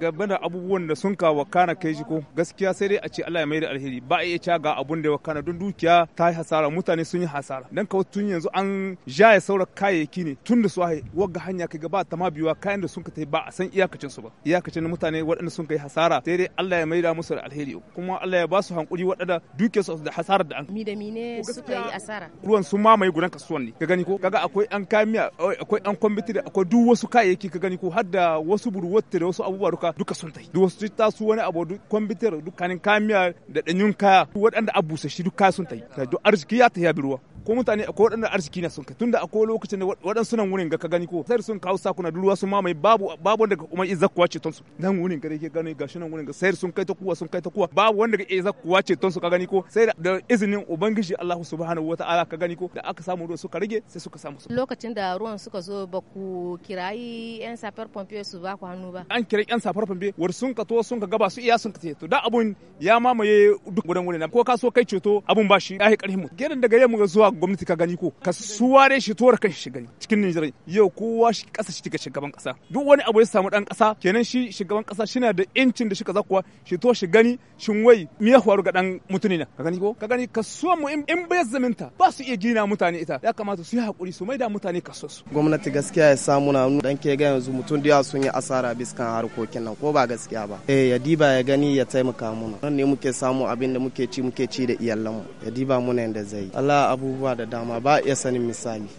game da abubuwan da sun kawo kana kai shi ko gaskiya sai dai a ce Allah ya mayar da alheri ba a iya ga abun da ya kana don dukiya ta yi hasara mutane sun yi hasara dan kawai tun yanzu an ya saura kayayyaki ne tun da su ai wagga hanya kai ba ta ma biyuwa kayan da sun ka tai ba a san iyakacin su ba iyakacin mutane waɗanda sun kai hasara sai dai Allah ya mayar da musu da alheri kuma Allah ya ba su hankuri waɗanda dukiyar su da hasarar da an mi da mi ne suka yi asara ruwan sun mamaye gudan kasuwan ne ka gani ko kaga akwai an kamiya akwai an kwambitir akwai duk wasu kayayyaki ka gani ko har da wasu burwatta da wasu abubuwa duka sun tafi duk wasu su wani abu duk kwamfutar dukkanin kamiya da danyun kaya waɗanda abu shi duk kaya sun tafi duk arziki ya tafi ya ko mutane akwai waɗanda arziki ne sun kai tunda akwai lokacin da waɗansu nan wurin ga ka gani ko sai sun kawo sakuna duruwa sun mamaye babu babu wanda kuma izak kuwa ce su nan wurin ga dai ke gani gashi nan wurin ga sai sun kai ta kuwa sun kai ta kuwa babu wanda ga izak kuwa ce su ka gani ko sai da izinin ubangiji Allah subhanahu wataala ka gani ko da aka samu ruwa suka rage sai suka samu lokacin da ruwan suka zo ba ku kirayi yan safar pompiyo su ba ku hannu ba an kira yan safar bi wani sun ka to sun ka gaba su iya sun ka to da abun ya mamaye duk gudan gudan ko ka so kai ceto abun ba shi yayi karhimu mu gidan daga yamma zuwa gwamnati ka gani ko ka suware shi to kan shi gani cikin Nijar yau kowa shi kasa shi shugaban kasa duk wani abu ya samu dan kasa kenan shi shugaban kasa shi na da incin da shi kaza kuwa shi to shi gani shin wai me ya faru ga dan mutune na ka gani ko ka gani ka so mu in bai zaminta ba su iya gina mutane ita ya kamata su yi hakuri su maida mutane kaso su gwamnati gaskiya ya samu na dan ke ga yanzu mutun da sun yi asara biskan harkokin nan ko ba gaskiya ba eh ya diba ya gani ya taimaka muna nan ne muke samu abin da muke ci muke ci da iyalanmu ya diba muna da zai Allah abubuwa da dama ba iya sanin misali